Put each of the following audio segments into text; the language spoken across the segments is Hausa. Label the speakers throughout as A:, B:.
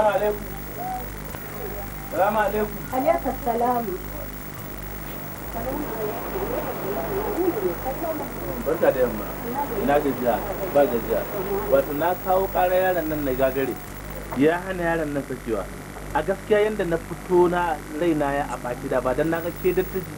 A: salamu alaikum salamu alaikum alaikum salamu barka da yamma ina gajiya ba gajiya wato na kawo ƙara yaran nan na gagare ya hana yaran nan sakewa a gaskiya yadda na fito na raina ya a baki da ba don na ga ke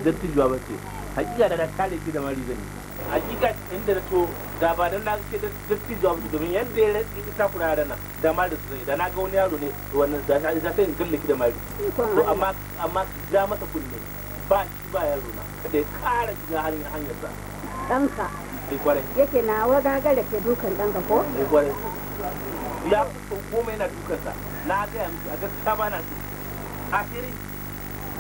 A: dattijuwa ba ce hakika da na kare ki da mari zane hakika inda na to da ba dan na ce dattin jawabi domin yadda ya rantsi ita kula da na da ma da zai da na ga wani yaro ne wannan da ta sai in gallaki da mari to amma amma ya masa kunne ba shi ba yaro na da ya kara shiga halin hanyar sa
B: danka yake na
A: waga gare ke dukan danka ko ya komai na dukansa na gaya a gaskiya ba na so asiri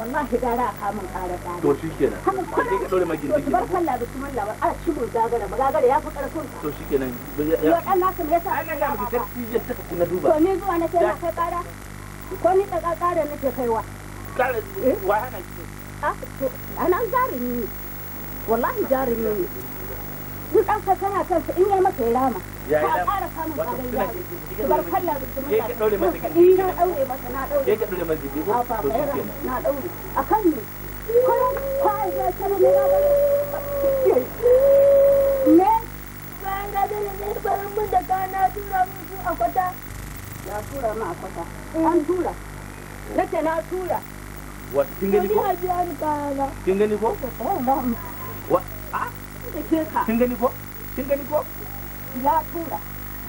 A: wallahi gara a ka kuma lawa a gagara magagara ya fi karfin to shikenan ya dan naka me yasa ni zuwa na sai na kai kara ko ni kaiwa eh? wa hana ki a jarumi ne wallahi jarumi ne duk ɗan kasana kansa in yi masa ya rama ya yi fara samun alayya bar da kuma ya ke daure masa gindi na daure masa na daure ya ke daure masa gindi ko to shi kenan na daure akan ne kuma kai
B: ga kana ne na
A: daure ne bayan ga dole ne barin mun da kana tura mun su a kwata ya tura mu a kwata an tura nace na tura wa kin gani ko kin gani ko wa a kin gani ko kin gani ko ya tura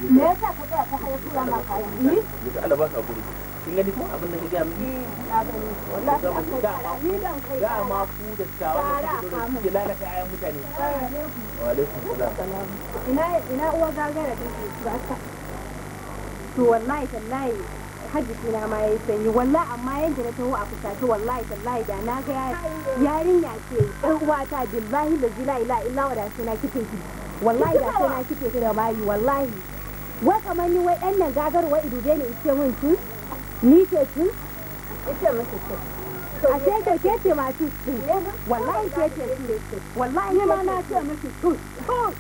A: me yasa ka tsaya ka hawo tura ma kayan hmm? ni da Allah ba ka guri kin gani ko abin da kake ga ni eh, na gani wallahi da ma ni dan kai da ma ku da tawa da ke ayan mutane wa alaikum salam ina ina uwa gagara take ba ka to wallahi tallahi hajji na ma yayi sanyi wallahi amma yanda na taho a fusace wallahi tallahi da na ga yarinya ce ɗan ta billahi la ilaha illa wa da suna kitin wallahi da sai na kike ta da bayi wallahi wai kamar ni wai ɗan nan gagarwa idube ne ice min tun ni ce tun ice miki tun a ce ke ke ce masu tun eh, wallahi ke ce tun wallahi ma na ce miki tun tun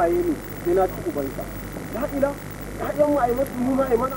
A: waye ne sai na ci ubansa la ila ya'yan mu ai mu ma mana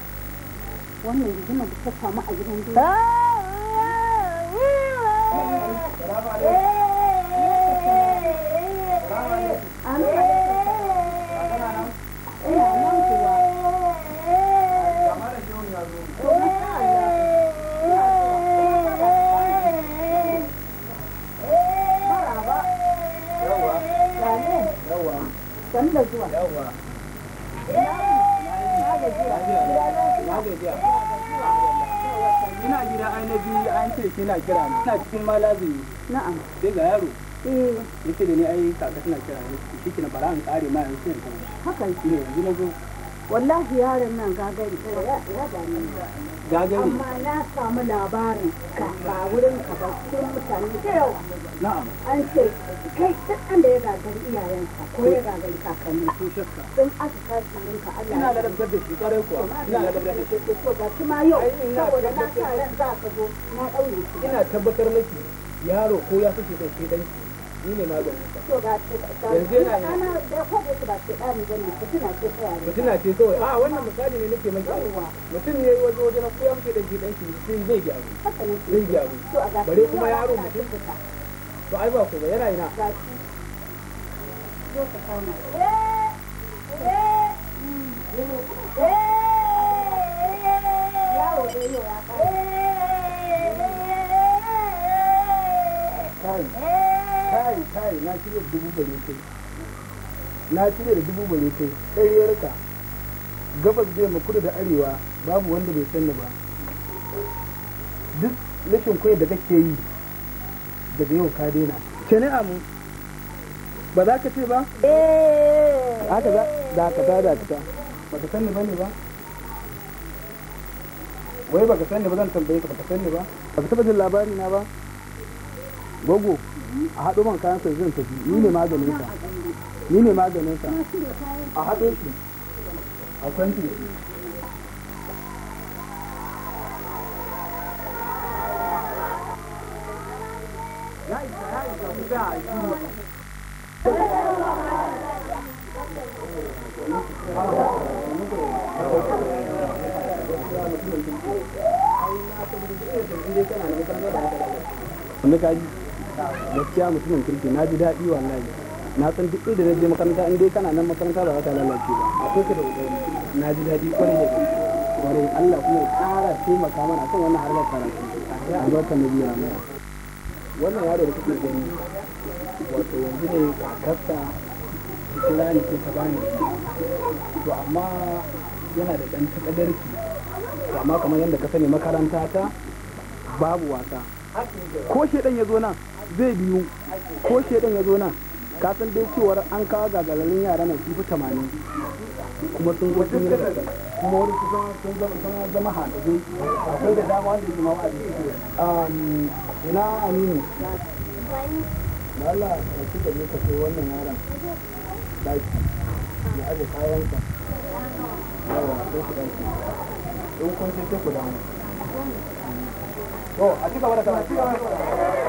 A: wannan rigimar da ta samu a gidan duniya Yawa. Yawa.
B: aka jiya ina
A: gida ai an ce kina kira ni ina cikin malazi na'am sai ga yaro eh yace da ni ai kaka tana kira ni shi kina bara an kare ma yanzu haka ne yanzu na zo wallahi yaron nan gagari eh, gagari amma na samu labarin ka ba wurin ka ba cikin mutane da yawa na'am an ce kai duk an da ya gagari iyayensa, ko ya eh. gagari kakanni sun shakka sun aka kashi wurin ka Allah ina da dabbar da shi kare kuwa ina da dabbar da shi ko ba kuma yau saboda na sa ran za ka zo na daure ina tabbatar miki yaro ko ya fice da shi danki ni ne maganin sa to ga yanzu yana yana da ko da ba ce dan gani mutuna ce kawai na ce kawai a wannan misali ne nake maka mutum ne waje waje na koyar maka da gidan shi sai zai gyaru zai gyaru bare kuma yaro mutum to ai ba ko ba yana ina
B: eh! eh! eh! yawo da yau ya kai
A: na shirya dubu bare kai na shirya da dubu bare kai sai ya rika gabas zai ma kudu da arewa babu wanda bai sanni ba duk rashin koyi da kake yi daga yau ka daina ce ne amu ba za ka ce ba? Eh. haka za da ka ta da ta ba ka sanni ba ne ba wai ba ka sanni ba zan tambaye ka ba ka sanni ba ba ka taba jin labari na ba gogo a haɗu man kayan sai zan tafi ni ne maganin sa ni ne maganin sa a haɗo shi a kwanci Wanda ka gaskiya mutumin kirki na ji daɗi wallahi na san duk inda na je makaranta in dai kana nan makaranta ba za ta lalace ba a ka da ƙoƙari na ji daɗi kwarai da kwarai Allah kuma ya ƙara taimaka mana kan wannan harkar karatu a barka na biya mana wannan yaro da kuke gani wato yanzu ne kakarsa kira ni ko ta bani to amma yana da ɗan takadarki amma kamar yadda ka sani makaranta ta babu wasa ko shi ɗan ya zo nan zai biyu ko shedan ya zo nan ka san dai cewar an kawo gagarin yara na kifi tamanin kuma sun zo sun kuma wani su sun zama hadazai akwai da dama wanda su mawa a jiki ina aminu da Allah ka ci da ka sai wannan yaran daki da aje kayanka yawa sai ku daki in kun sai ku damu to a ci gaba da karatu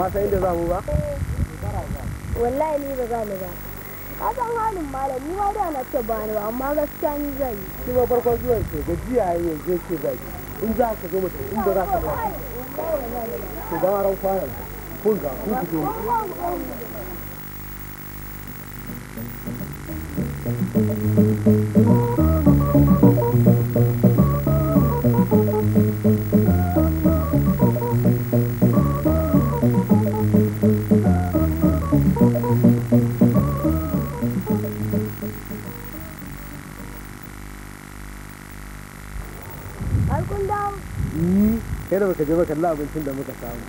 A: ba sai inda za mu ba wallahi ni ba za mu ba ka san halin malam ni ma da na ce ba ni ba amma gaskiya ni zan yi shi ba farkon zuwan ce gajiya ya je ce za ki in za ka zo mutum in ba za ka ba to ba ran fara kun ga ku fito
B: Thank you.
A: gobe ba kalli abincin da muka samu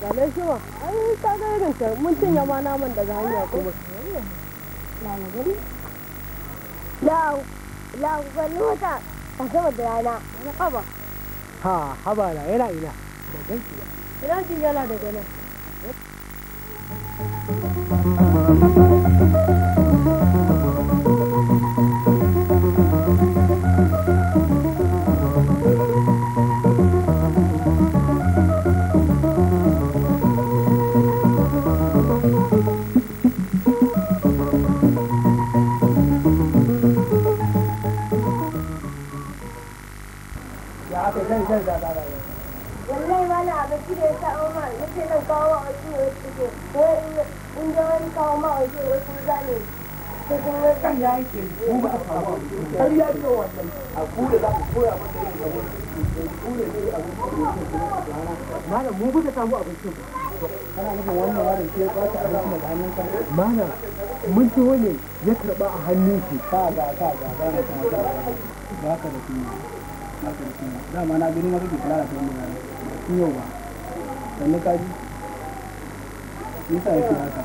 A: kalai shi ba ai ta ga irin ta mun cinye ma naman daga hanya kuma la la kalli wata a sama da rana na kaba ha haba na yana ina da ganki
B: ina jin yana Thank you.
A: kai kai da da da wallahi mala da ta
B: ga ma ga ga kawo ma wasu ga wasu ga ko in da wani kawo ga wasu ne wasu ga ya
A: yake ga ba a ga har ya ce ga a ga da za ku koya mata ga gaba ga ne ga abinci ga yake ga da ga malam ga buka samu abincin kana nufin ga warin ke kwata ga rasu ga hannunka ga mun ga wani ya karɓa a hannun ga ka ga ka ga ga ka ga ka ga ka ga dama na gani maka kula da yau ba sannan ka ji nisa ya fi haka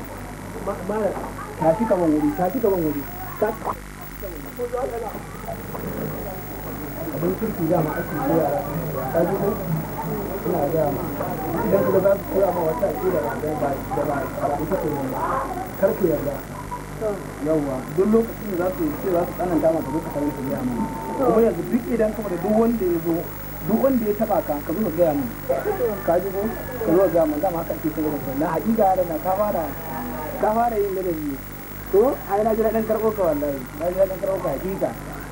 A: ta fi kaman wuri ta fi kaman wuri ta fi abin kirki dama ake zuwa ta ji ina ma idan kuma za su koya ma wata ake da ba da ba da ba da ita ce wani kar yarda yawwa duk lokacin da za su za su tsananta maka lokacin da kuma yanzu duk idan kuma da duk wanda ya zo duk wanda ya taba ka ka zo ka gaya mun ka ji ko ka zo ka gaya mun zama haka ake sai da na hakika yaran na ka fara ka fara yin ladabi to ai na ji daɗin karɓo ka wallahi na ji daɗin karɓo ka hakika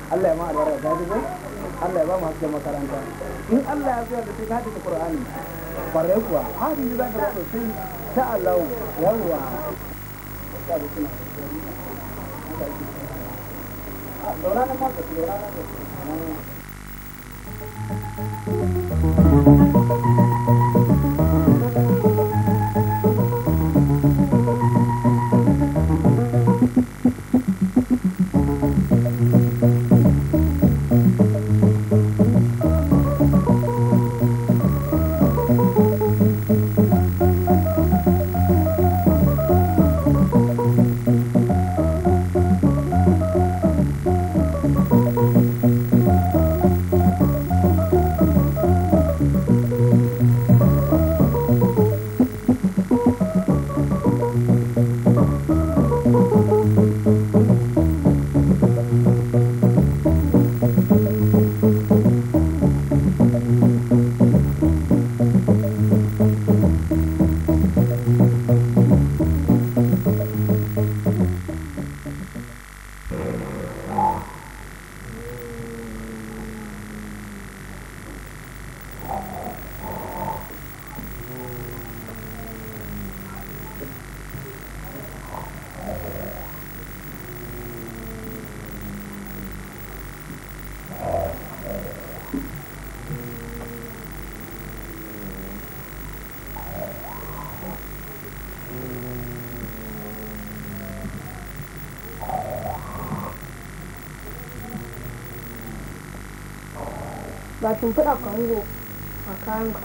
A: Allah ya ma albarka ka ji ko Allah ya ba mu hakka makaranta in Allah ya zuwa da sai ka haddace Qur'ani kwarai kuwa hadin za ka ba sai ta Allah yawwa ka bi kuna ドラのコンテスト、ドラのコンテスト。
B: 我从不要讲过，我讲。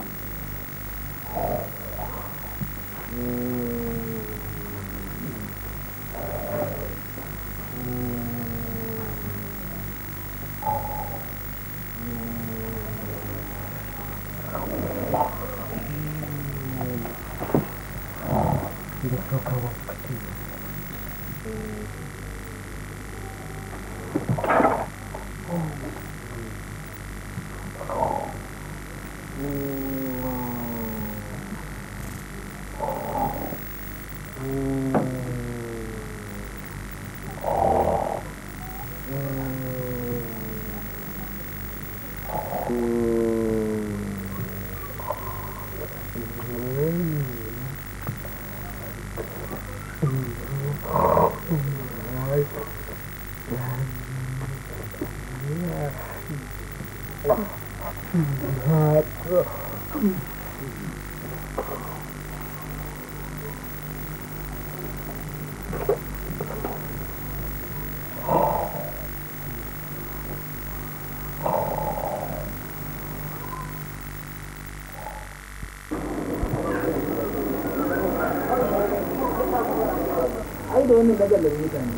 A: wani majalar mutane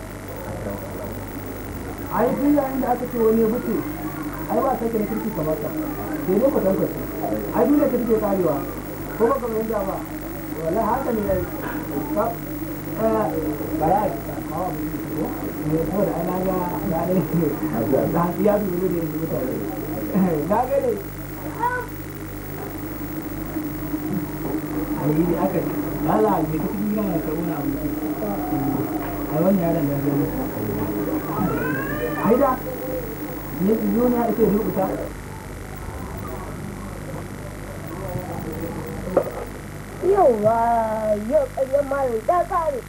A: a yi duk yayin da aka ce wani ya mutu ai ba sake na kirki kamar ka sai ne ku tankwasa ai duk da ka take karewa ko ba ka yanda ba wala haka ne ka bara a kawo ko ne eh, ko da ana ga na ne da hanci ya zuwa da yanzu mutane na ga ne ai aka lala ne ta cikin yana karuna mutum a wani da rubuta yauwa yau ƙaryar mara ta kare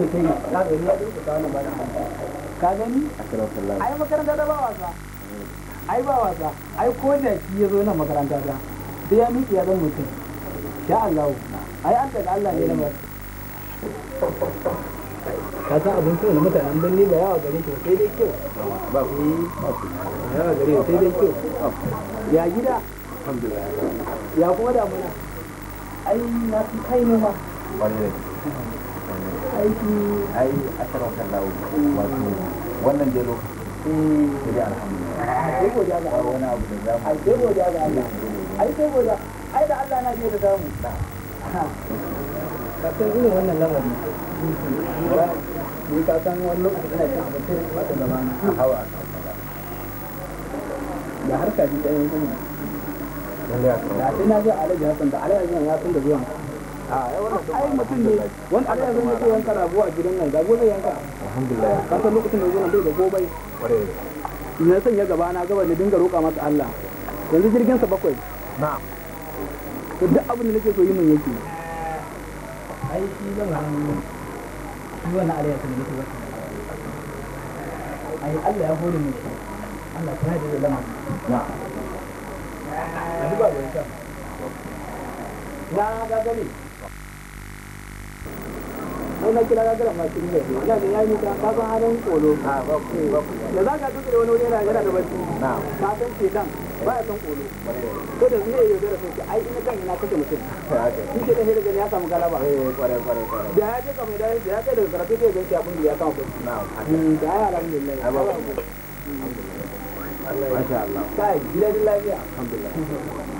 A: ake ta yi ka gani ai makaranta ta ba wasa ai ba wasa ai ko da shi ya zo na makaranta ta sai ya miƙe ya zan mutum sha Allah ai an Allah ne lamar ka san abin kyau na mutanen birni ba yawa gare shi sai dai kyau ba ku yawa gare sai dai kyau ya gida ya kuma damuna ai na fi kai ne ma aiki ai akarar wato wannan dai lokaci eh, sai dai alhamdulillah abu da zamu a sai godiya ga Allah ai sai godiya ai da Allah na da ka san wannan lamari ni ka san lokaci ina hawa ya harka ji da sai na da da zuwan ai mutum ne wani ala yanzu ne ke yanka rabuwa a gidan nan ga gobe yanka alhamdulillah ka san lokacin da zo nan bai da gobe na ya gaba na gaba da dinga roƙa masa Allah yanzu jirgin sa bakwai Na. to duk abin da nake so yi mun yake ai shi zan shi wannan ala ta ne ke wata ai Allah ya hore mu Allah ta da lamarin na'am ba da na ga gani ai na kira gagara ma shi ne ga da yayi ta ka san halin kolo ah, da za ka tuke wani wuri yana gara da Na. ka san ce dan ba ya san kolo ko da zai yi gara sai ai ina kan ina kashe mutum shi ke da hira gani ya samu galaba eh kware kware kware da ya je kamar da ya kai daga karatu zai ga shi abin mm, da ya samu kuɗi na'am da ya alhamdulillah alhamdulillah mm. masha Allah kai gidan lafiya alhamdulillah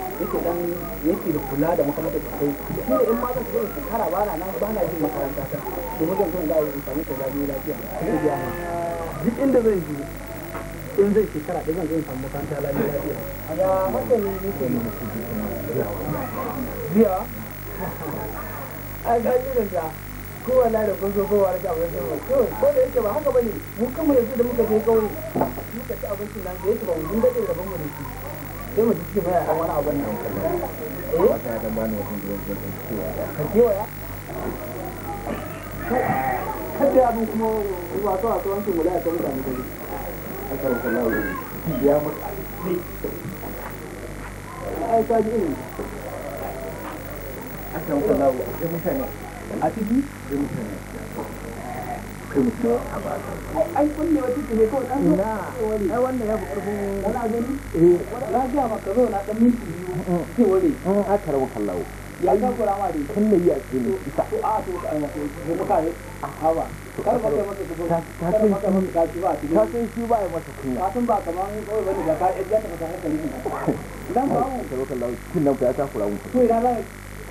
A: yake dan yake da kula da makarantar kai shi da in ma zan zai su ba na ba na yin makaranta ta to mu zan zo da in samu ta zabi lafiya sai ya ma duk inda zai je in zai shekara da zan zo in samu makaranta lafiya lafiya aga haka ne yake ne biya a ga yin da kowa na da kun zo kowa da abin zo ko da yake ba haka bane mu kanmu yanzu da muka je kawai muka ci abincin nan da yake ba mun dade rabon mu da shi sai mu cikin baya dan wani abu ne eh wata ya dan bani ka ciwo ya kada abu kuma wancan wala ta mutane ta ya ai ji mutane a ciki sai mutane kunso a baka ai kunne wata ce ne kawai dan zo ai wannan ya buƙar kun kana gani eh ce ta maka ta ta ta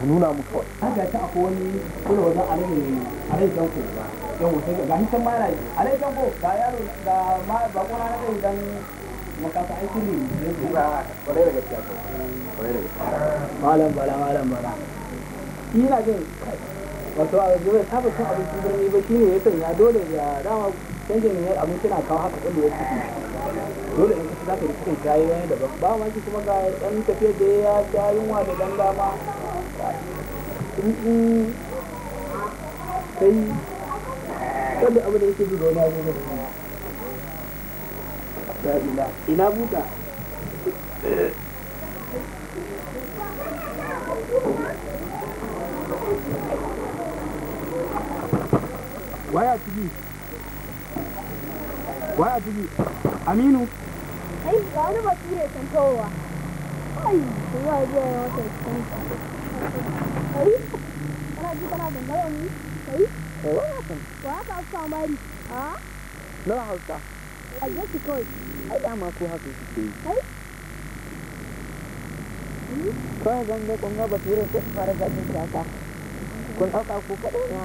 A: ku nuna mu kawai haka ta akwai wani kula wajen ne alai alai danko ba yan wasu ga hisan ma yana yi alai danko ga yaro ga ma ba kuna na kai dan makasa aiki ne ba kwarai da gaskiya kwarai da gaskiya malam bala malam bala ina jin wato a yanzu bai saba cin abinci birni ba shine ya sanya dole ya dama canjin yanayin abinci na kawo haka ɗan da ya ciki dole in kasu za ka cikin kayi wani da ba ma shi kuma ga ɗan tafiyar da ya ja yunwa da ɗan dama in
B: sai wanda
A: abin da yake ji da wani abu da ya ila ina buta Why are you wa a aminu ai ga wani bature can kowa ai za a zuwa ya wata can kai kana ji kana da gawani kai kai wa kan wa ka ha hausa a jiki kawai ai dama ko haka suke yi kai hmm? kawai zan dai kun ga ko fara zagin shaka kun ɗauka kaɗai na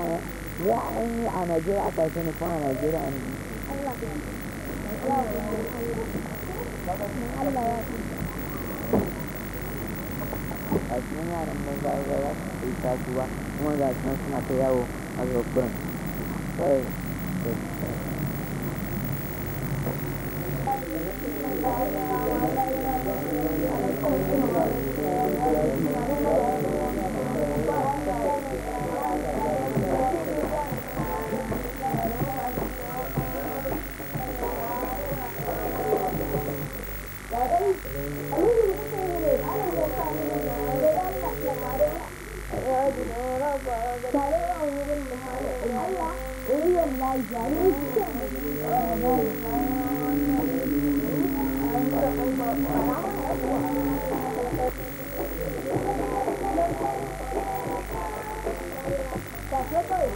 A: ya an yi a najeriya a ƙarshe kuma a najeriya a najeriya
B: a cikin
C: yaran mai za za yi tasowa kuma ga shi suna ta yawo a kawai
B: Thank you.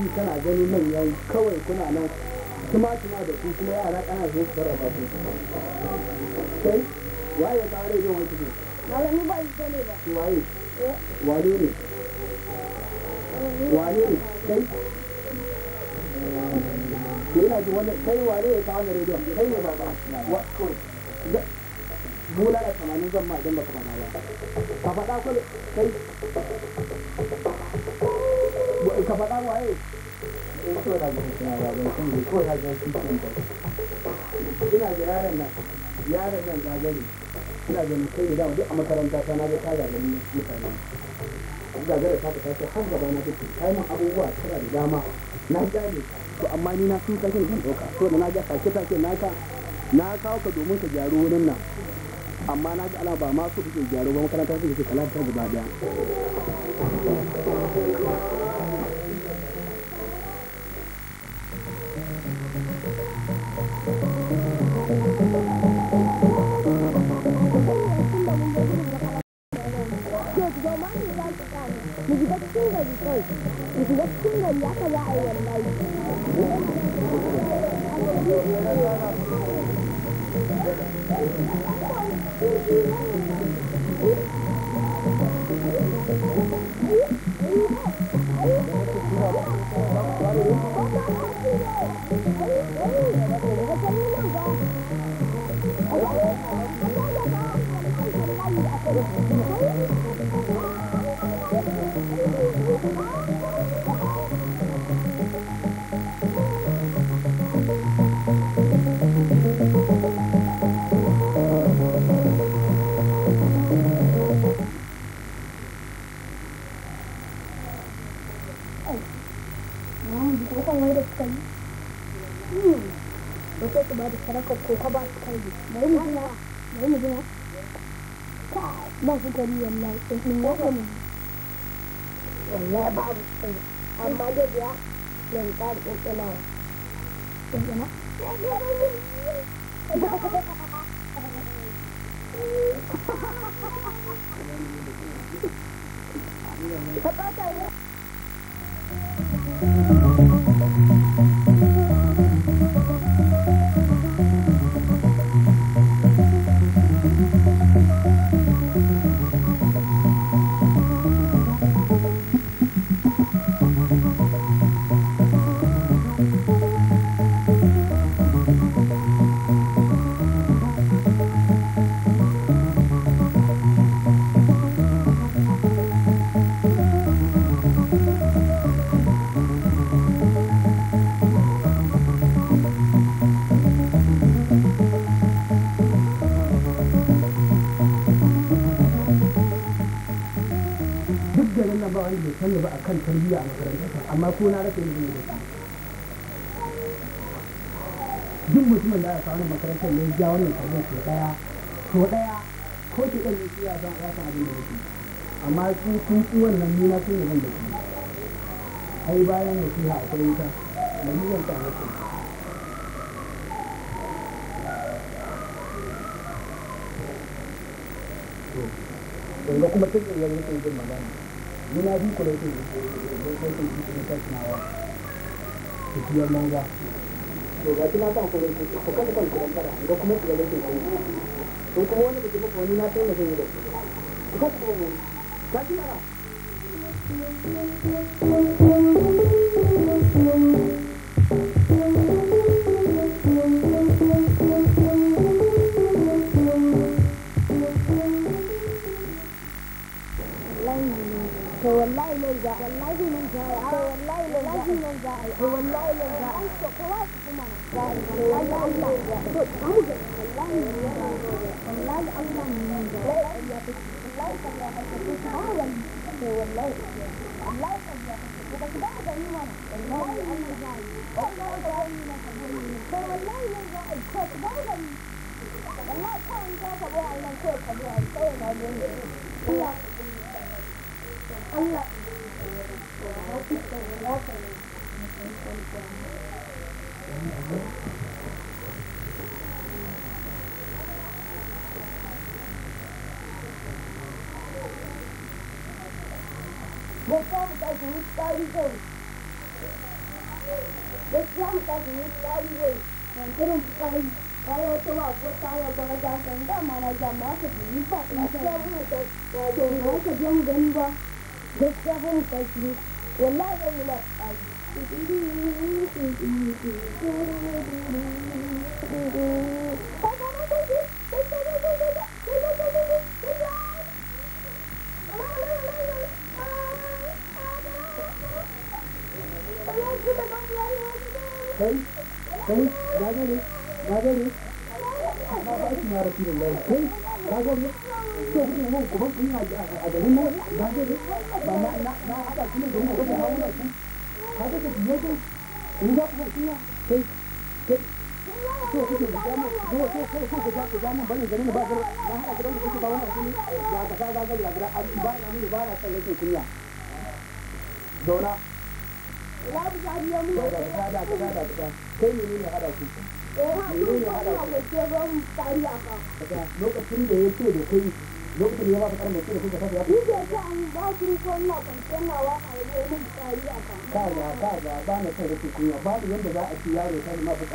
A: ji kana gani manyan kawai kuna nan kuma kuma da su kuma yara kana zo su raba su sai waye ya kawo rediyon wani kudu malami ba yi sani ba waye wane ne wane ne sai ke yana ji wani kai wane ya kawo rediyon kai ne ba ba bula da kamanin zan ma idan ba kamana ba ka faɗa kwale kai ne ko ya ga shi kin da ina ga yaron nan yaron nan ga gani ina ga ni kai da duk a makaranta ta na ga ta ga gani mutane ga gare ta ta ta har gaba na take kai mun abubuwa tana da dama na gane to amma ni na sun sake zan dauka to da na ga ta sake na ka na kawo ka domin ka gyaro wurin nan amma na ga ala ba ma su kuke gyaro ba makaranta su kuke kalata gaba daya 前に抱いてた右抱き信号に来い右抱き信号に朝が会えないえ em em em, em được lên kejadian lain semua kan
B: ya bang sama
A: aja dia lengkar itu lah itu lah
B: Apa tahu?
A: ba a kan tarbiyya a makarantarsa amma ko na rasa ilimin da duk mutumin da aka kawo makarantar ne ya wannan tarbiyya ko daya ko daya ko ki dan yi ya san ya san abin da yake amma su kun ku wannan ni na kun da shi ai bayan nasiha akwai wuta da ni zan ta haka ko kuma tun yanzu yake magana Ninavikuletea nawa ekiyamanga ngakinata nkoleki okamukolekeraddala ngaokumukubaleeta okubona kutimukoninatendekeiro okakukubamu kakiraba
B: za nan za a ba Allah
A: 我讲的是大英雄，我讲的是大英雄。我讲的是大英雄，英雄不凡，我要做我佛山的保家山，保家门，保四方。我讲的是大英雄，我讲的是大英雄。I والله لا
B: Thank you.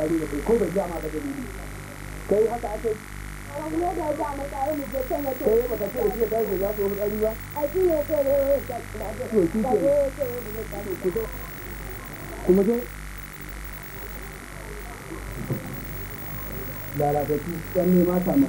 A: kokari da kai ko bai ja ba da ni kai haka ake ya mu tsaye kai a ke to kuma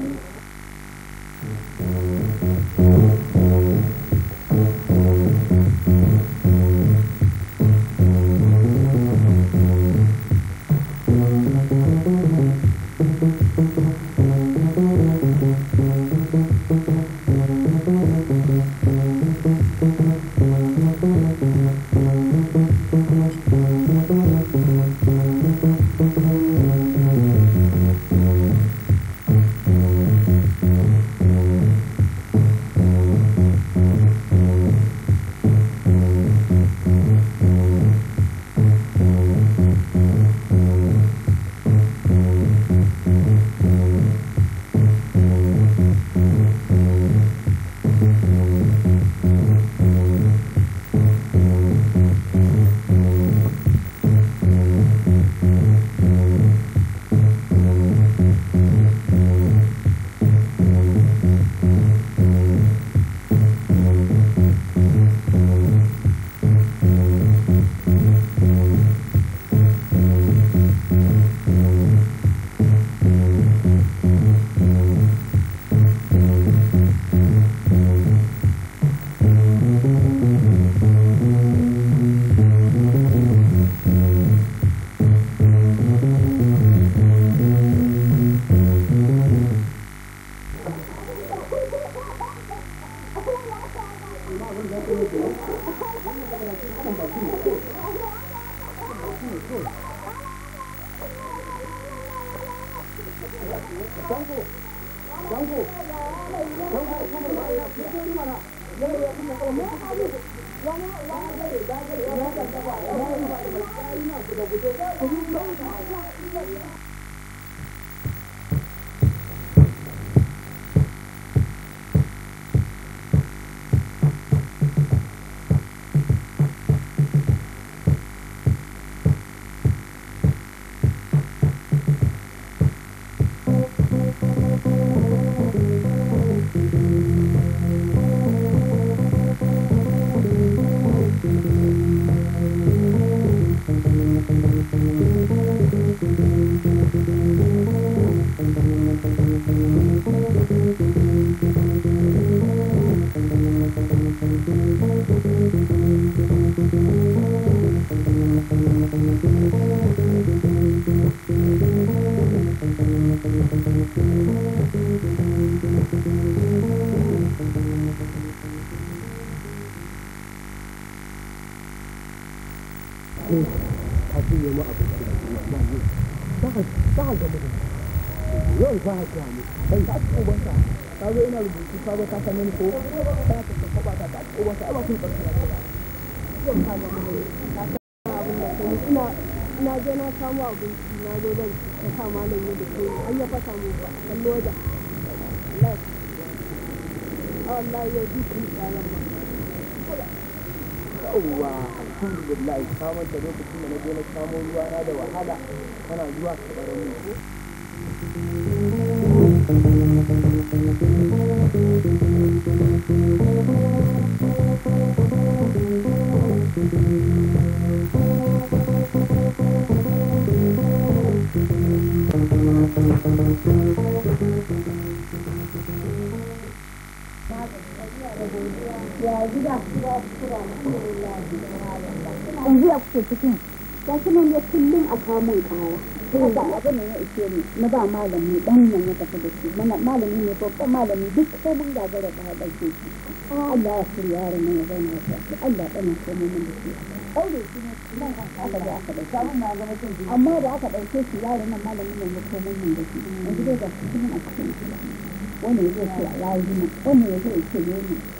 A: Thank you. alhamdulillah samun ta lokacin da na je na samo ruwa na da wahala tana zuwa ka bar mu
C: Ya gida, gida, gida, alhamdulillah.
A: yanzu ya kuke cikin ga shi nan ya kullum a kamun kaya haka abin ya ishe ni na ba malami dan nan ya tafi da shi mana malami ne babban malami duk sai mun gagara ba dauke shi Allah ya kuri yaro nan ya zauna shi Allah dan nan komai mun da shi aure shi ne nan aka da aka da sabon na zama cin jini amma da aka dauke shi yaro nan malami ne ya komai mun da shi yanzu dai ga shi a cikin wani ya zo shi a yayi nan wani ya zo ya ce ne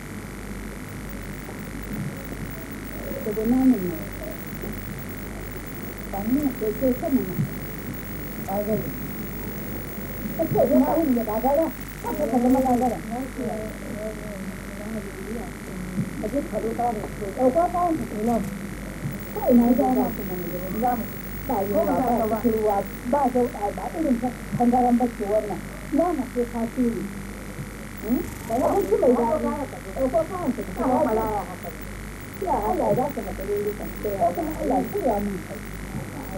A: của Việt Nam mình này đóng là cái cơ sở này bao giờ cái chỗ đó bao giờ đã ra đó các cái phải mà ra đó cái cái phần đó đâu có thấy cái nào cái này ra là mình ra tại vì nó là chủ à ba số à ba cái đường phần ra làm bắt chủ này nó là cái khai chi đấy là cái mình ra đâu có có cái đó mà lo cewa ya da mu raya ka kai ganin a a ma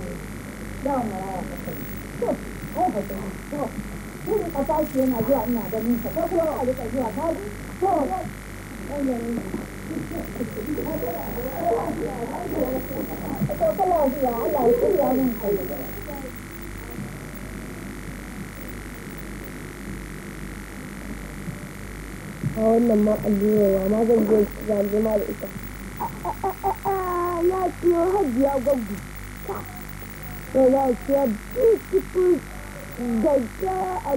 A: zan je zan je da ita ya ya ciyo beautiful da ta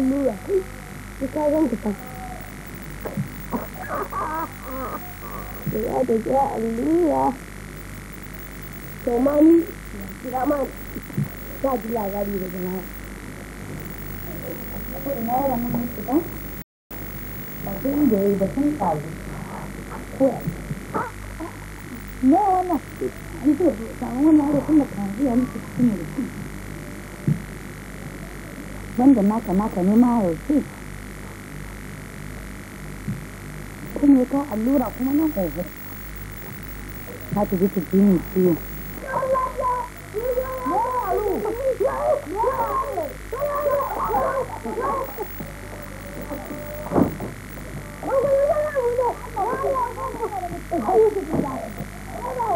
A: da ya allura ne wannan an ce ba wani yaro kuma ya musu cikin mulki wanda na kamata ne ma ce kuma ya ka allura kuma nan ogo na ta ji cikin ne ciwo
B: Oh,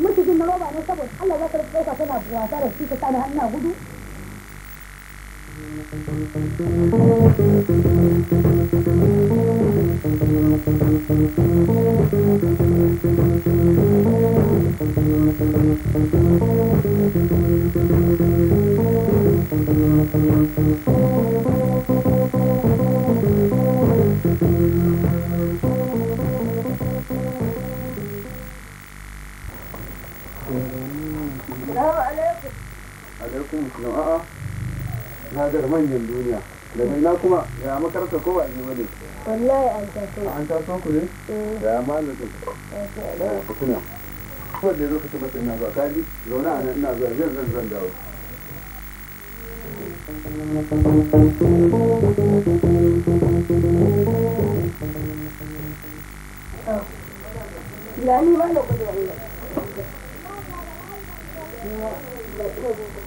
A: murtijin na roba ne saboda Allah za ka rika ɗauka tana wasa da shi ta sani hannu gudu Thank you. musulun a'a na gar manyan duniya daga na kuma ya makaranta ko ba ne bane wallahi an taso an taso ku ne eh. ya malu ku ya ku kuna wanda zo ka tabbata ina zuwa kaji zauna a nan ina zuwa zan zan zan dawo ah.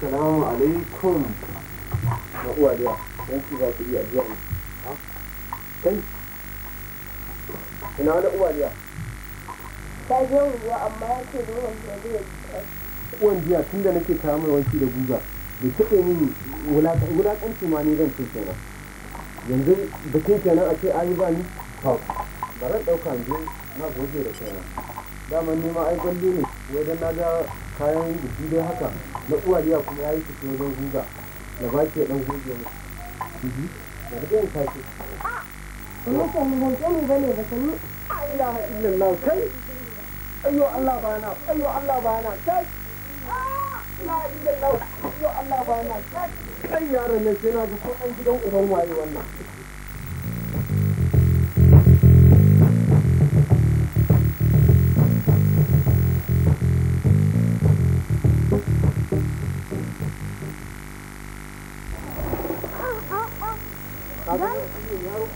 A: Salamu alaikum. Na uwa da yanki za ku a biya ne. Kai, ina wani uwa da Ta je ruwa amma ya ce ruwan da Uwan jiya tun da nake kawo mai wanki da guga, da taɓa min wulaƙancin ma ne zan ce kenan. yanzu bikin kenan a ce ayi ba ni to ba ran ɗauka je na goge da kaina dama ni ma ai gwalli ne wajen na ga kayan biki dai haka na uwaliya kuma ya yi fito wajen guga da ba ke ɗan goge mu da rikin tashi kuma sanni ban sani ba ne ba sanni ilaha illallah kai ayyo allah bana ayyo allah bana kai la Allah kai yaran nan sai na ga ko an gidan uban waye wannan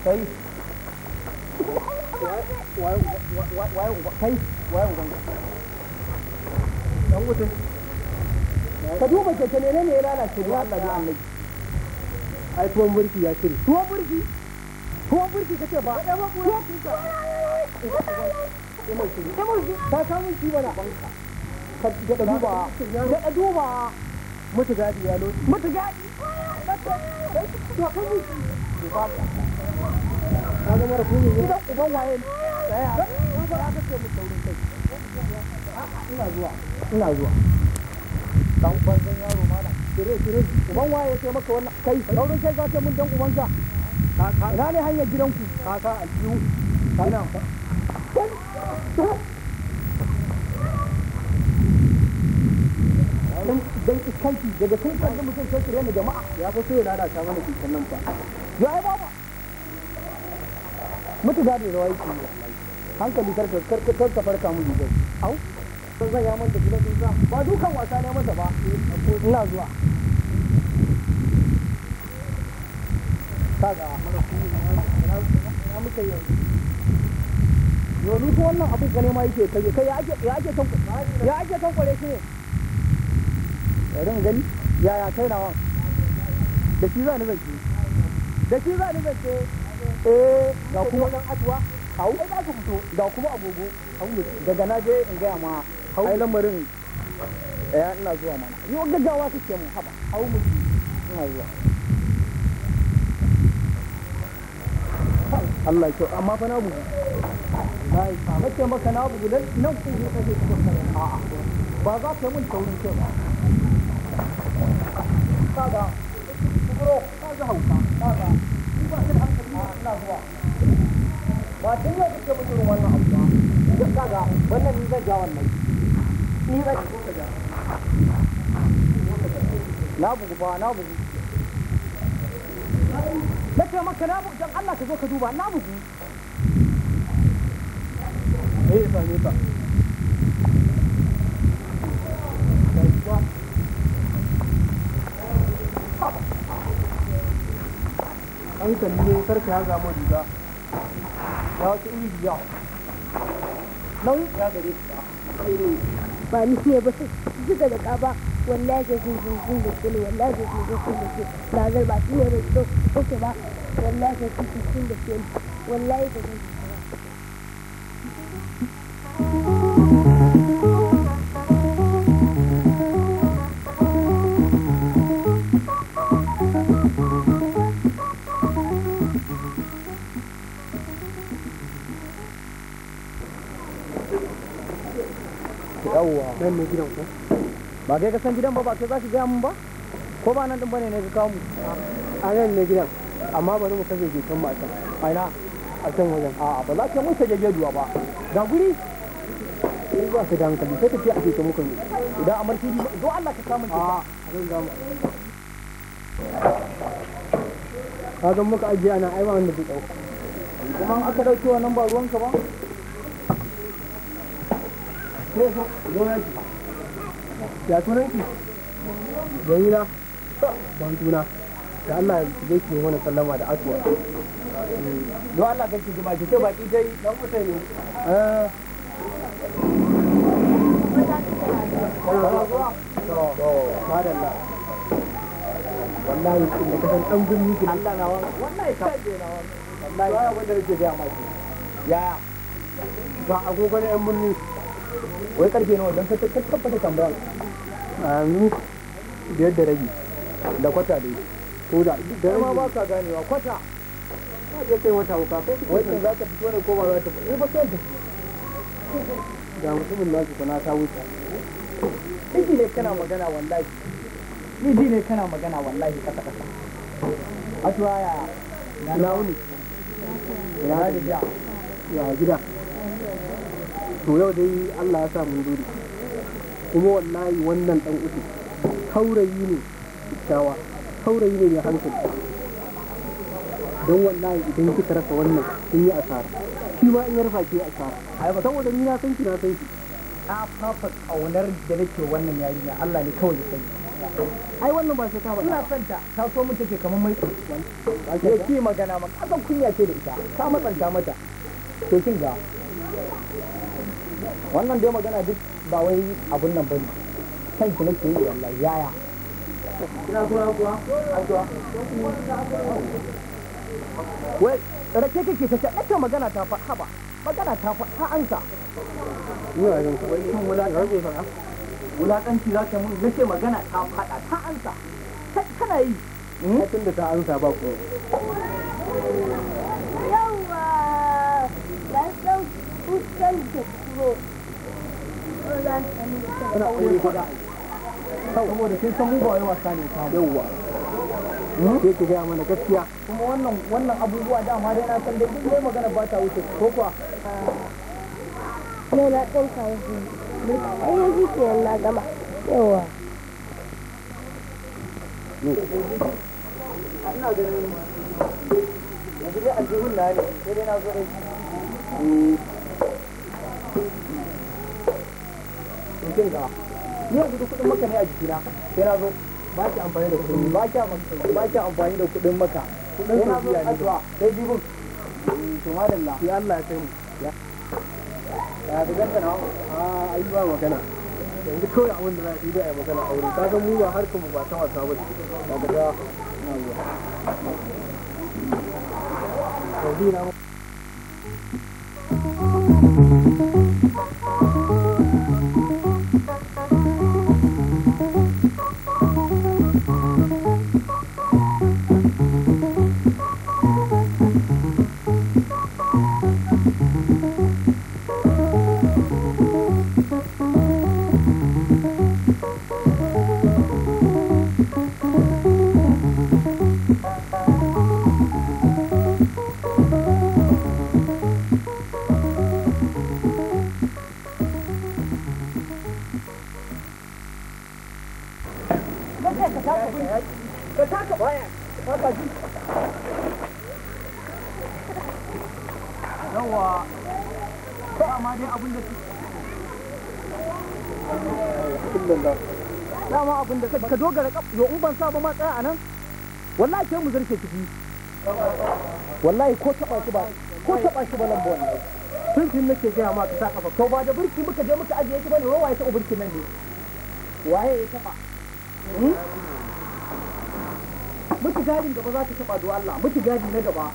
A: kai waye waye ka duba keke ne ne ya lalace don Allah don Allah ai tuwon burki ya shiri tuwon burki tuwon burki kace ba da ba kuwa ta samu shi bana ka da duba da duba mutu gadi ya lodi mutu gadi to kan mu ka ga mara kuni ne da uban waye tsaya ka ga ce mu kai ina zuwa ina zuwa dan banzan yaro mana kire kire uban waye ya maka wannan kai daurin kai za ka mun dan ubanka kaka ina ne hanyar gidanku kaka aljihu kana dan iskanci daga sun kalli mutum sai kire mu jama'a ya fi so ya lalata mana kitan nan fa ya ai baba mutu da da rawayi hankali kar karka farka mu jigai au sun ya manta gidan sun sa ba dukan wasa ne masa ba ina zuwa kaga na muka yanzu yanzu ko wannan abin ma yake kai kai ya ake ya ake ya ake kware shi ne gani kai nawa da shi za zance da shi zance eh ga kuma hau ga kuma agogo daga na je in gaya ma ai lamarin ya ina zuwa mana yi wa gaggawa ke mu haba hau mu ina zuwa Allah amma fa na bugu na maka na bugu dan nan ku ne kake cikin a'a ba za ka mun taurin kyau ba kaga kuro kaga hauka kaga ni ba sai hankali ina zuwa ba tun yau kake mun wannan abu ba kaga wannan ni zan wannan na bugu ba na bugu na ce maka na bugu don Allah ka zo ka duba na bugu eh ba ne ba hankali ne karka ya zama riga ya wasu iri biya nauyi ya gare su amfani ne ba zuga da kaba wallahi sai sun sun sun da kilo ne wallahi sai sun sun sun da ke lazar zai ba shi ne ba ito ba wallahi sai sun sun da kilo ne wallahi sai sun sun nan ne gidan ku ba kai ka san gidan ba ba kai za gaya mun ba ko ba nan din bane ne ka kawo mu a nan ne gidan amma bari mu kaje gidan mu a can a ina a can wajen a ba za ka mun kaje gidan ba ga guri in ba ka da hankali sai ka ce a ce muka ne idan amar fili zo Allah ka samu ki a zan ga mu ka ga muka ajiye ana aiwa wanda zai dauka kuma aka dauke wannan ba ruwanka ba ko fa gonan ya da Allah zai ki sallama da asuwa don Allah ce baki dai kusa ne wallahi da kasan dan gumi Allah na wallahi wanda yake ga maki ya ba agogo ne yan munni wai karfe nawa don ta tabbata tambaya a yi biyar da rabi da kwata dai ko da da ma ba ka ganewa kwata ba je kai wata uka ko wannan za ka fito ne ko ba za ta fito ba kai da mutumin da su kuna ta wuce kiji ne kana magana wallahi kiji ne kana magana wallahi kasa kasa a ya na launi. na gida ya gida to yau dai Allah ya sa mun dole kuma wallahi wannan dan uku taurayi ne kyakkyawa taurayi ne mai hankali don wallahi idan kika rasa wannan sun yi asara shi ma in ya rufa ke asara ai ba saboda ni na san shi na san shi a fafa kaunar da nake wannan na Allah ne kawai ya sani ai wannan ba sai ta ba ina son ta ta so mun take kamar mai ya ce magana ma kasan kunya ce da ita ka matsanta mata to kin ga wannan dai magana duk ba wai abun nan bane kan ku nake yi wallahi yaya wai rake kake ta ce magana ta fa haba magana ta fa ta ansa wuraren kuwa kan wulaƙanci wulaƙanci za ta mun nake magana ta faɗa ta ansa kana yi hmm? tun da ta ansa ba ku ina saboda kin san mu ba wai ne ta yawwa ke ki gaya mana gaskiya kuma wannan wannan abubuwa dama dai na san dai magana ba ta wuce ko kuwa ne na ɗauka yanzu yanzu ke na gama ina ganin yanzu dai aljihun na ne sai dai na zo da
B: shi to
A: ni da kuɗin maka ne a jikina sai na zo ba ki amfani da kuɗin ba ki ba ki amfani da kuɗin maka kuɗin sai to ya Allah ya kai mu
B: ya ya da a
A: ayi magana yanzu kawai abin da za a yi da magana aure mu ba harkar mu ba ta wasa ba daga da
B: na zuwa Thank you.
A: ka dogara kaf yo in ban sa ba ma tsaya anan wallahi sai mu zarce ciki wallahi ko taba shi ba ko taba shi ba nan ba wallahi tun tun nake ga ma ka kafa to ba da burki muka je muka ajiye shi ne waye ta burkin nan ne waye ya taba hmm? muki gadin gaba za ta taba do Allah muki gadi na gaba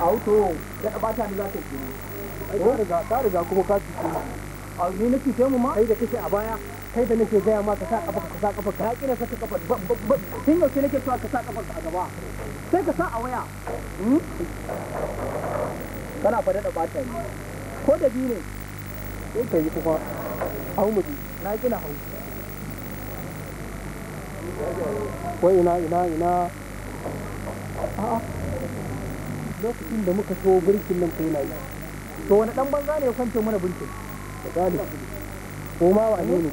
A: auto ya ta bata ni za ta ci ai ka riga ta riga kuma ka ci a ne nake sai mu ma ai da kake a baya kai da nake gaya ma ka sa kafa ka sa kafa ka kina saka kafa tun yau ke nake cewa ka sa kafa ka a gaba sai ka sa a waya hmm? kana fada da bata ne ko da biyu ne sai ka yi kuma hau mu na kina hau ko ina ina ina lokacin da muka so birkin nan kai na yi to wani dan banza ne ya kwance mana birkin ko ma wa ne ne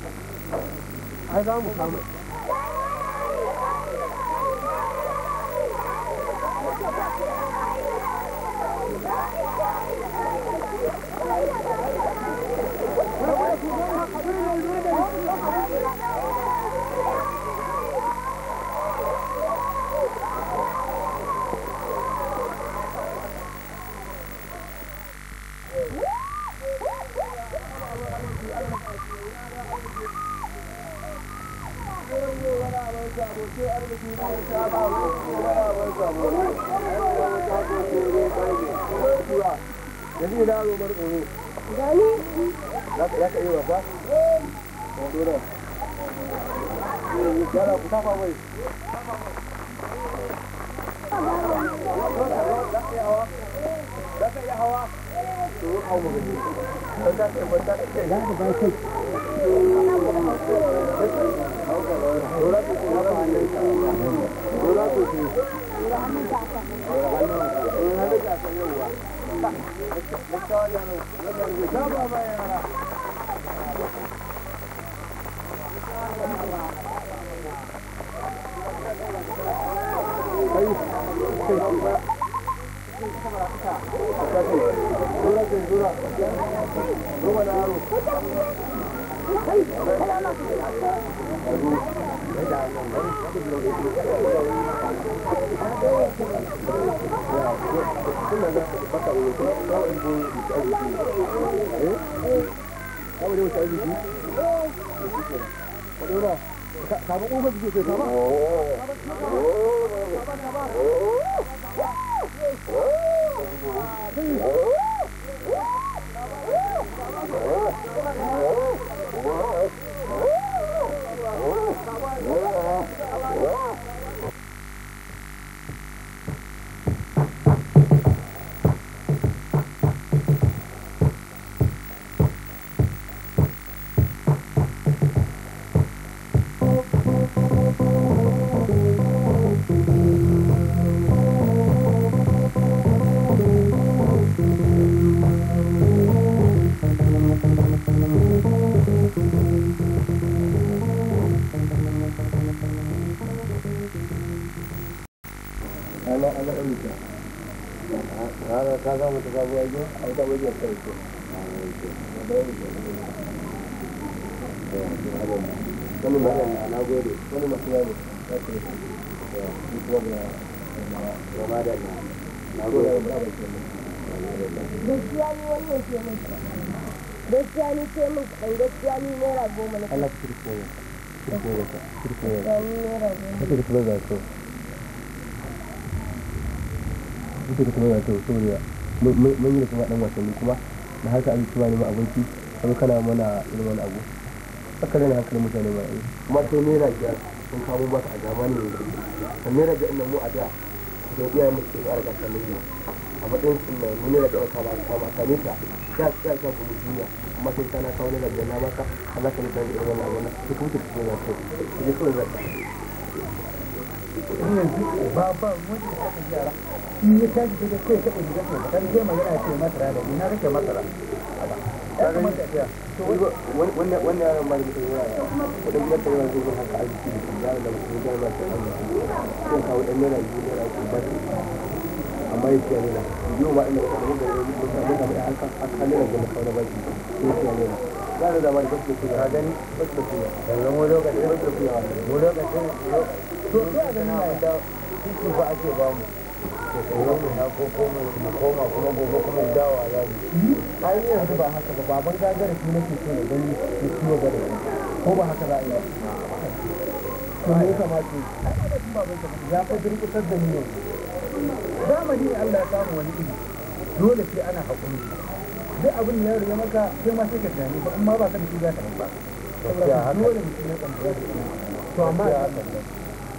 A: 还耽不他了？哦。ka za mu ta sabuwa yau a ta yake wani ta ce suke da kuma yana kyau saboda mun yi da kuma ɗan wasanni kuma da haka a yi cewa neman abinci kuma kana mana irin wani abu haka da hankalin mutane ba yi kuma sai naira ga sun kawo ba a dama ne da naira biyar mu a da da iyaye mu ke ƙara ƙasa yi a matsayin sun mai yi naira biyar kama da ba ta ya ci ya shafi mu duniya kuma sai kana kawo naira na baka a za ka yi ɗan irin wani abu na su kuma su ke yana ta su ne kawai za ka ba ba wani da yara in ya tashi daga kawai taɓa shiga ko ba kan zai magana ce masara da ni na rike masara wannan yaron da mutum yana kudin gidan ta yana zuwa haka arziki da kuma yaron da mutum ya ba ta
B: Allah ya
A: ya a ya ake ba na ko koma mu koma kuma gobe kuma dawa yanzu ba haka ba baban gagara shi nake so ya gani ya ko ba haka yi ya da ni zamani Allah samu wani iri dole sai ana haƙuri duk abin da ya maka sai ma sai ka tunani ba amma ba ka da shi za ka yi ba dole mutum ya kamfura da shi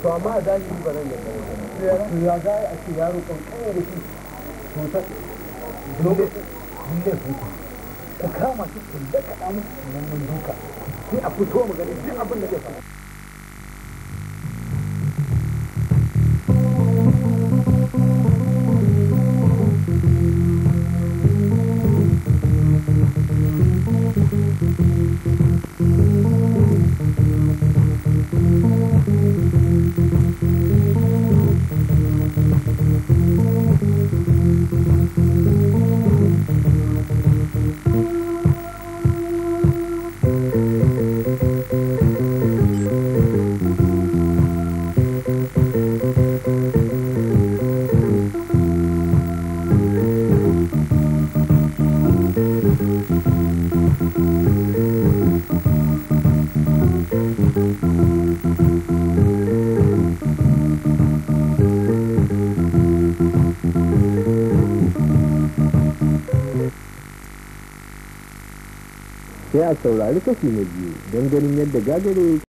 A: to amma a zahiri ba zan yi ya za a ce yaro ƙanƙanin da shi cutar lokacin lillar duka ku kama shi ku daka musu nan duka sai a fito mu ga duk abin da ke faru saurari kashi na biyu don ganin yadda gagare